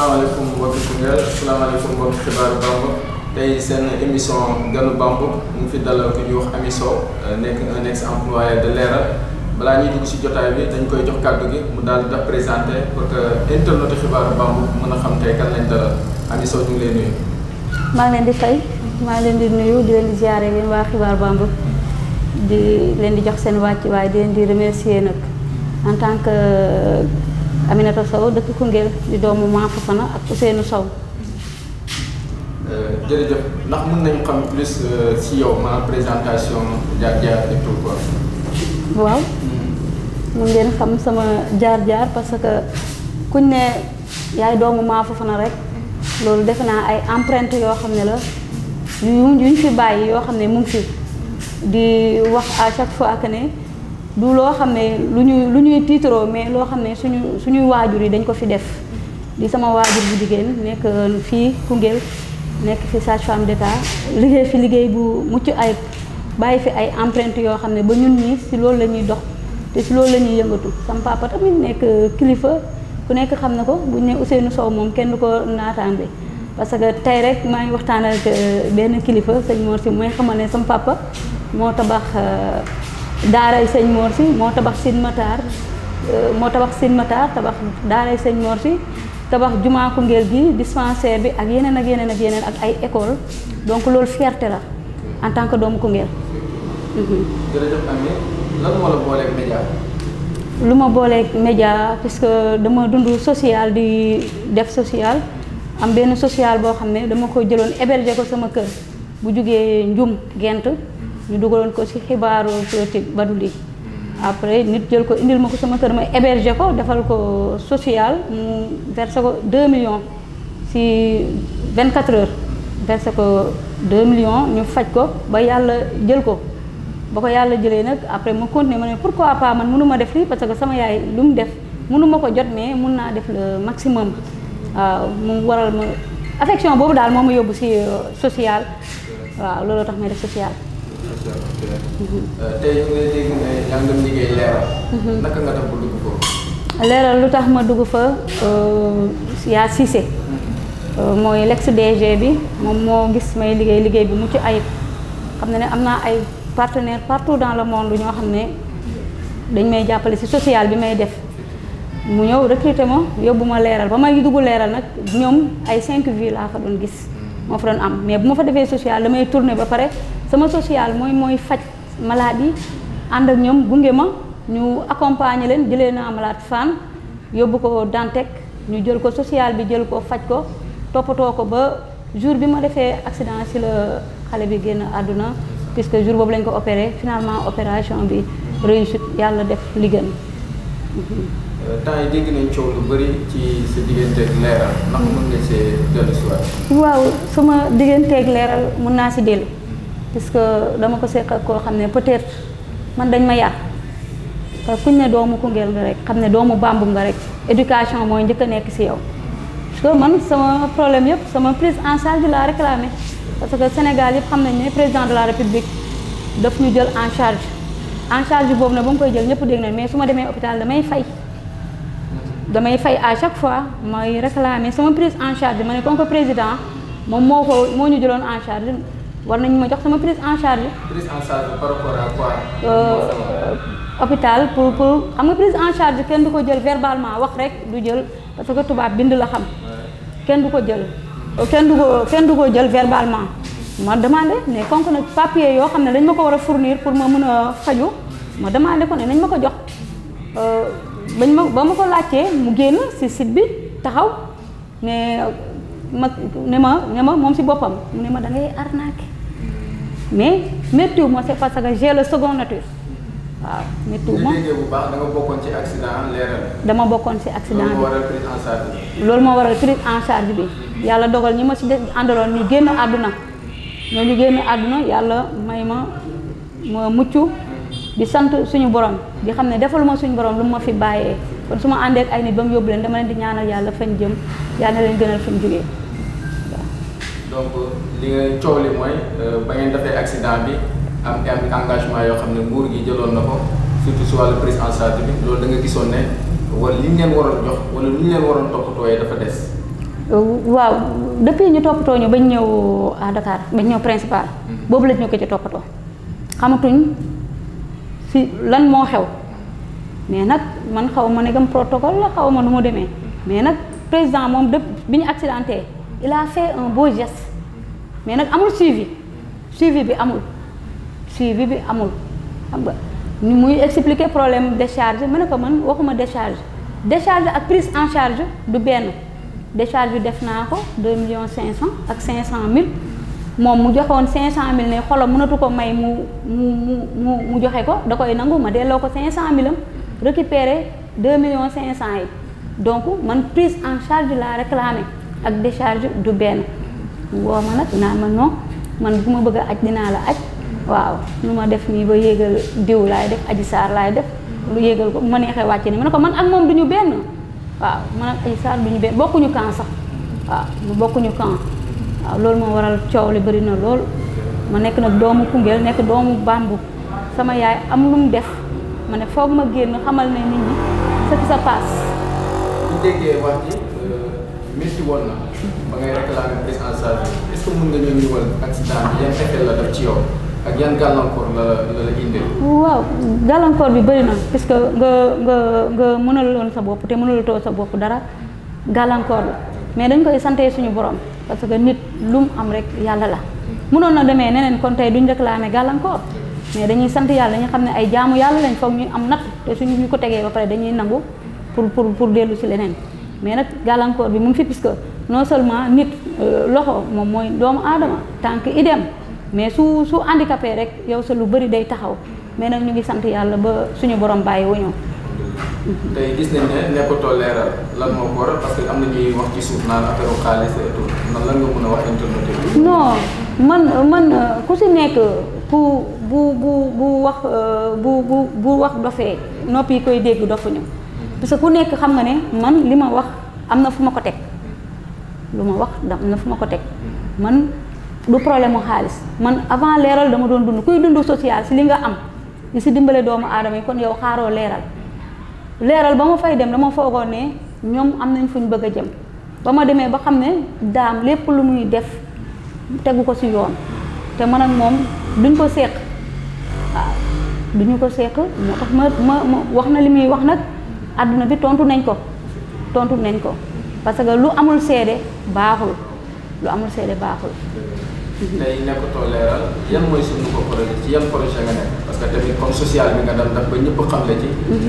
asalaamaaleykum mbokki Koungheul asalaamaaleykum mbokki xibaaru Bamb tey seen émission ganu Bamb ñu fi dalal ko ñuy wax Amy euh, nekk un ex de Leral balaa ñuy dugg si jotaay bi dañ koy jox kàddu gi mu daal di présenté pour que internet xibaaru Bamb mën a xam tey kan lañ dalal Amy Sow nuyu. maa ngi leen di fay maa ngi leen di nuyu di leen di ziare yéen waa xibaaru Bamb di leen di jox seen wàcc waaye di leen di remercier nag en tant que. Euh, Aminata Sow dëkk Koungheul di doomu maa na ak Ousseynou Sow. Euh, jërëjëf ndax mën nañu xam plus si euh, yow ma présentation jaar-jaar et tout quoi. waaw. mun hmm. ngeen xam sama jaar-jaar parce que kuñ ne yaay doomu maa Fasana rek loolu defe naa ay empreinte yoo xam ne la yu yu ñu fi bàyyi yoo xam ne mu ngi fi di wax à chaque fois que ne. du loo xam ne lu ñuy lu ñuy tiitaroo mais loo xam ne suñu suñuy waajur yi dañ ko fi def di sama waajur bu jigéen nekk euh, fii Koungheul nekk fi sage-femme d'État liggéey fi liggéey bu mucc ayib bàyyi fi ay empreinte yoo xam ne ba ñun ñi si loolu la ñuy dox te si loolu la ñuy yëngatu sama papa tamit nekk euh, kilifa ku nekk xam na ko bu ñu ne Ousseynou Sow moom kenn ko naataan bi parce que tey rek maa ngi waxtaan ak euh, benn kilifa sëñ Mor mooy xamal ne sama papa moo tabax. daaray sëñ Mor si moo tabax sin Matar euh, moo tabax sin Matar tabax daaray sëñ Mor si tabax jumaa Koungheul gi dispensaire bi ak yeneen ak yeneen ak ak ay école donc loolu fierté la en tant que doomu Koungheul. Mhm. lu ma booleeg média puisque dama dund social di def social am benn sociale boo xam ne dama ko jëloon héberger ko sama kër bu jugee Njum Gent. ñu dugaloon ko ci xibaaru ci Baduli après nit jël ko indil ma ko sama kër ma héberger ko defal ko social mu versé ko 2 millions ci 24 heures versé ko 2 millions ñu faj ko ba yàlla jël ko ba ko yàlla jëlee nag après ma continuer ma ne pourquoi pas man mënu def lii parce que sama yaay lu mu def mënu ko jot mais mun naa def le maximum waaw mu waral ma affection boobu daal moom ma yóbbu ci euh, sociale waaw looloo tax may def social tey ñu ngi dégg ne yaa ngi liggéey leeral. naka nga def ba dugg foofu. leeral lu tax ma dugg fa euh, yaa Cissé. Euh, mooy l'ex DG bi moom moo gis may liggéey liggéey bi mucc ay xam na ne am naa ay partenaires partout dans le monde ñoo xam ne dañ may jàppale si social bi may def mu ñëw recruter ma yóbbu ma leeral ba may dugg leeral nag ñoom ay cinq vies laa fa doon gis. moo fa doon am mais bu ma fa defee social damay tourner ba pare sama social mooy mooy faj malade yi ànd ak ñoom gunge ma ñu accompagner leen jëlee naa malade fan yóbbu ko Dantec ñu jël ko social bi jël ko faj ko toppatoo ko ba jour bi ma defee accident ci la xale bi génn àdduna puisque jour boobu lañ ko opéré finalement opération bi réussite yàlla def li gën temps yi dégg nañ coow lu bëri ci sa digganteeg leeral ndax mën nga see dellu si waat. waaw sama digganteeg leeral mun naa si dellu. parce que dama ko seq ak koo xam ne peut-être man dañ ma yar parce que kuñ ne doomu Koungheul nga rek xam ne doomu Bambou nga rek éducation mooy njëkk nekk si yow. parce que man sama problème yëpp sama prise en charge la réclamé parce que Sénégal yëpp xam nañ ne président de la République daf ñu jël en charge en charge boobu nag koy jël ñëpp dégg nañ mais su ma demee hôpital damay fay. damay fay à chaque fois may réclamer sama prise en charge ma ne comme ko président moom moo ko moo ñu jëloon en charge war nañ ma jox sama prise en charge. en charge par euh, hôpital pour pour xam nga prise en charge kenn du ko jël verbalement wax rek du jël parce que tubaab bind la xam. kenn du ko jël. Euh, kenn du ko kenn du ko jël verbalement. ma demandé ne kon nag papier yoo xam ne dañ ma ko war a fournir pour ma mën a faju ma demandé ko ne nañ ma ko jox. Euh, bañ ma ba ma ko laajtee mu génn si site bi taxaw ne ma ne ma ne moom si boppam mu ne ma da ngay arnaqué mais méttiw ma c'est parce que j'ai le second nature waaw méttiw ma bu bokkoon ci accident dama bokkoon si accident bi loolu moo waral prise en charge bi yàlla dogal ñi ma si àndaloon ñu génn àdduna ñoo ñu génn àdduna yàlla may ma ma mucc di sant suñu borom di xam ne defaluma suñu borom lu ma fi bàyyee kon su ma àndee ak ay nit ba mu yóbbu leen dama leen di ñaanal yàlla fañ jëm yàlla na leen gënal fañ jógee waaw. donc li nga coow li mooy euh, ba ngeen defee accident bi am engagement yoo xam ne nguur gi jëloon na ko surtout si wàllu prise en charge bi loolu da gisoon ne wala li ñu waroon jox wala li ñu waroon toppatooyee dafa des. Euh, waaw depuis ñu toppatoo ñu ba ñëw à Dakar bañ ñëw principal. Mm-hmm. boobu lañ ñu ci toppatoo si lan moo xew mais nag man xaw ma ne gam protocole la xaw ma nu mu demee mais nag président moom dëpp bi ñu accidenté il a fait un beau geste mais nag amul suivi suivi bi amul suivi bi amul xam nga ni muy expliquer problème décharge ma ne ko man waxuma décharge décharge ak prise en charge du benn décharge bi def naa ko deux millions cinq cent ak cinq cent mille moom mu joxoon cinq cent mille ne xolam mënatu ko may mu mu mu mu joxe ko da koy nangu ma delloo ko cinq cent mille am récupérer deux millions cinq cent yi donc man prise en charge la réclamé ak décharge du benn woo ma nag naa ma non man bu ma bëgg a aj dinaa la aj waaw lu ma def nii ba yéegal diw laay def aji saar laay def lu yéegal ko ma neexee wàcc ni ma ne ko man ak moom du ñu benn waaw man ak aji saar du ñu benn bokkuñu camp sax waaw bokkuñu camp waaw loolu moo waral coow li bëri na lool ma nekk nag doomu Koungheul nekk doomu Bambou sama yaay am lu mu def ma ne foog ma génn xamal ne nit ñi ce qui se passe. bu euh, ñu que mën nga ak yan waaw gàllankoor bi bëri na que nga nga nga mënaloon sa bopp te mënalutoo sa bopp dara gàllankoor la mais dañ koy sante suñu borom. parce que nit lu mu am rek yàlla la mënoon na demee neneen kon tey duñ réclamer gàllankoor mais dañuy sant yàlla dañuy xam ne ay jaamu yàlla lañ foog ñu am natt te suñu ñu ko tegee ba pare dañuy nangu pour pour pour dellu si leneen mais nag gàllankoor bi mu ngi fi puisque non seulement nit euh, loxo moom mooy doomu aadama tànk idem mais su su handicapé rek yow sa lu bëri day taxaw mais nag ñu ngi sant yàlla ba suñu borom bàyyi wuñu Mhm. tey gis nañ ne nekkutoo leeral lan moo ko parce que am na ñuy wax ci suuf naan affaire xaalis et tout nan lan nga mën a wax internet bi. non man man ku si nekk ku bu bu bu wax euh, bu bu bu wax dofee nopp yi koy dégg dofuñu mhm. parce que ku nekk xam nga ne man li ma wax am na fu ma ko teg lu ma wax am na fu ma ko teg mhm. man du problème mu xaalis man avant leeral dama doon dund kuy dund social si li nga am li si dimbale doomu aadama yi kon yow xaaroo leeral. leeral ba ma fay dem dama foogoon ne ñoom am nañ fuñ bëgg a jëm ba ma demee ba xam ne daam lépp lu muy def tegu ko ci yoon te man ak moom duñ ko seq waaw duñu ko seq moo tax ma ma ma wax na li muy wax nag àdduna bi tontu nañ ko tontu nañ ko parce que lu amul seede baaxul lu amul seede baaxul tey nekkutoo leeral yan mooy suñu ko projet ci yan projet nga nekk parce que tamit comme social bi nga dem daf ba ñëpp xam le ci mhm. ñu bi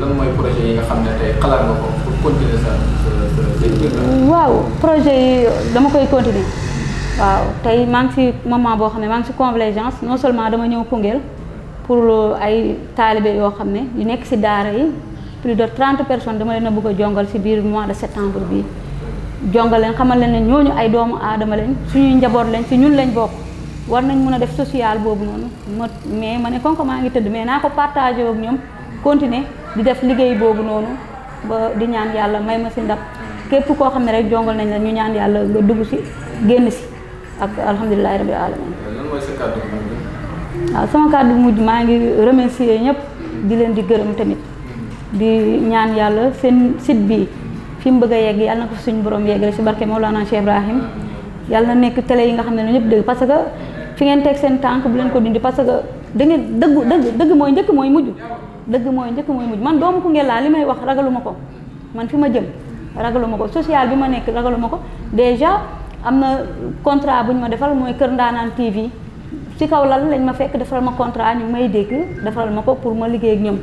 lan mooy nga ko pour continuer sa waaw projet yi dama koy continuer waaw tey maa ngi si moment boo xam ne maa ngi si convergence non seulement dama ñëw Koungheul pour ay taalibe yoo xam ne yu nekk si daara yi plus de trente personnes dama leen na bëgg a jongal si biir mois de septembre bii jonga leen xamal leen ne ñooñu ay doomu aadama lañ suñuy njaboot lañ si ñun lañ bokk war nañ mën a def social boobu noonu ma mais ma ne kon maa ngi tëdd mais naa ko partagé ak ñoom continuer di def liggéey boobu noonu ba di ñaan yàlla may ma si ndab képp koo xam ne rek jongal nañ la ñu ñaan yàlla nga dugg si génn si ak alhamdulilahi rabbil alamin waaw ah, sama kàddu mujj maa ngi remercier ñëpp di leen di gërëm tamit di ñaan yàlla seen sit bi fi mu bëgg a yegg yàlla na ko suñu borom yeggale si barke Maulana Cheikh Ibrahim yàlla na nekk télé yi nga xam ne ne ñëpp dégg parce que fi ngeen teg seen tànk bu leen ko dindi parce que da ngeen dëgg dëgg dëgg mooy njëkk mooy mujj dëgg mooy njëkk mooy mujj man doomu Koungheul laa li may wax ragaluma ko man fi ma jëm ragaluma ko sociale bi ma nekk ragaluma ko déjà am na contrat bu ñu ma defal mooy Kër Ndaanaan TV ci kaw lal lañ ma fekk defaral ma contrat ñu may dégg defal ma ko pour ma liggéey ak ñoom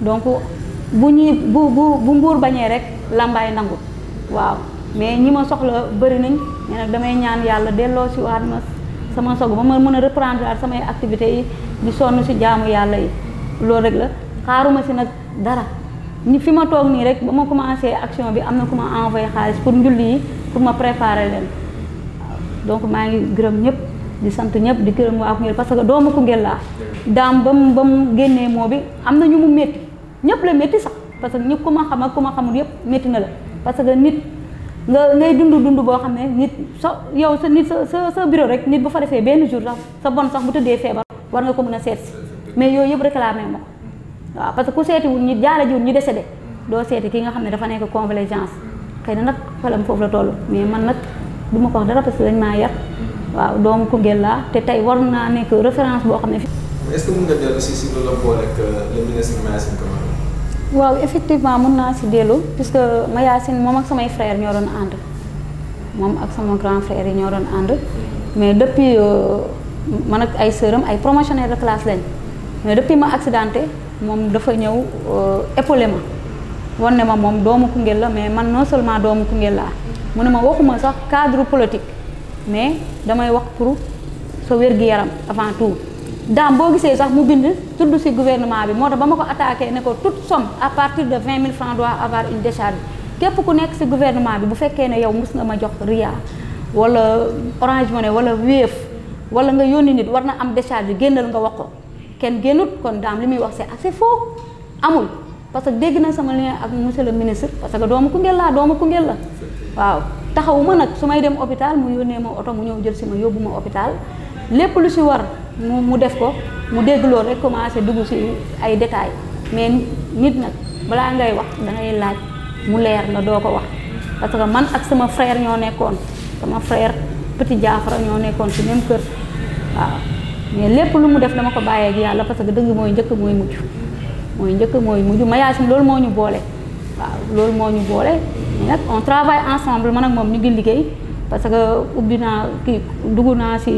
waaw une bu ñuy bu bu bu mbuur bañee rek làmbaay nangu waaw mais ñi ma soxla bëri nañ mais nag damay ñaan yàlla delloo si waat ma sama soog ba ma mën a reprendre at samay activités yi di sonn si jaamu yàlla yi loolu rek la xaaruma si nag dara ni fi ma toog nii rek ba ma commencé action bi am na ku ma envoyé xaalis pour njulli yi pour ma préparer leen donc maa ngi gërëm ñëpp di sant ñëpp di gërëm waa Koungheul parce que doomu Koungheul laa daam ba mu ba mu génnee moo ñëpp la métti sax parce que ñëpp ku ma xam ak ku ma xamul yëpp métti na la parce que nit nga ngay dund dund boo xam ne nit sa yow sa nit sa sa sa bureau rek nit bu fa defee benn jour sax sa bon sax bu tëddee feebar war nga ko mën a seet si mais yooyu yëpp réclamé ma ko waaw parce que ku seetiwul ñi jaara jiwul ñu de doo seeti ki nga xam ne dafa nekk convalescence xëy na nag xelam foofu la toll mais man nag du ma ko wax dara parce que dañ maa yar waaw doomu Koungheul laa te tey war naa ne. que mën nga dellu si si loolu waaw effectivement mën naa si dellu que puisque Mayacine moom ak samay frère ñoo doon ànd moom ak sama grand frère yi ñoo doon ànd mais depuis euh, man ak ay sëram ay promotionnaire de classe lañ mais depuis ma accidenté moom dafa ñëw euh, épaulé ma wan ne ma moom doomu Koungheul la mais man non seulement doomu Koungheul la mu ne ma waxuma sax cadre politique mais damay wax pour sa wér-gi-yaram avant tout daam boo gisee sax mu bind tudd ci gouvernement bi moo tax ba ma ko attaqué ne ko toute somme à partir de vingt mille francs doit avoir une décharge képp ku nekk ci gouvernement bi bu fekkee ne yow mus nga ma jox ria wala orange money wala wéef wala nga yónni nit war na am décharge génnal nga wax ko kenn génnut kon daam li muy wax c'est assez faux amul parce que dégg na sama lien ak monsieur le ministre parce que doomu Koungheul laa doomu Koungheul la waaw taxawu ma nag su may dem hôpital mu yónnee ma oto mu ñëw jël si ma yóbbu ma hôpital lépp lu si war mu mu def ko mu dégg loolu rek commencé dugg ci ay détails mais nit nag balaa ngay wax da ngay laaj mu leer la doo ko wax parce que man ak sama frère ñoo nekkoon sama frère petit jaafara ñoo nekkoon si même kër waaw mais lépp lu mu def dama ko bàyyee ak yàlla parce que dëgg mooy njëkk mooy mujj mooy njëkk mooy mujj Mayacine loolu moo ñu boole waaw loolu moo ñu boole nag on travaille ensemble man ak moom ñu ngi liggéey parce que ubbi naa kii dugg naa ci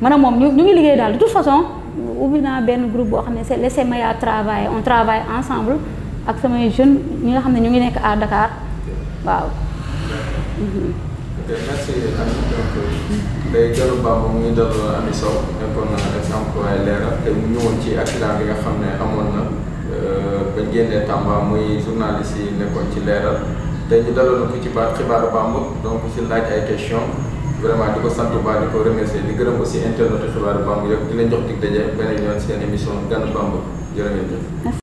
man ak moom ñu ñu ngi liggéey daal de toute façon ubbi naa benn groupe boo xam ne c'est laissez Maya travailler on travaille ensemble ak samay jeune ñi nga xam ne ñu ngi nekk à Dakar waaw. ok merci Ami donc Ndeye Diallo Ba moom ñu dal Ami leeral te ñu ñëwoon ci accident bi nga xam ne amoon na euh, ba génnee muy journaliste yi nekkoon ci leeral te ñu daloon ko ci baat xibaaru Bambouck donc si laaj ay question vraiment di ko sant bu ko remercier di gërëm aussi internet xibaaru Bambey yëpp di leen jox dig daje beneen yoon seen émission Ganu Bambey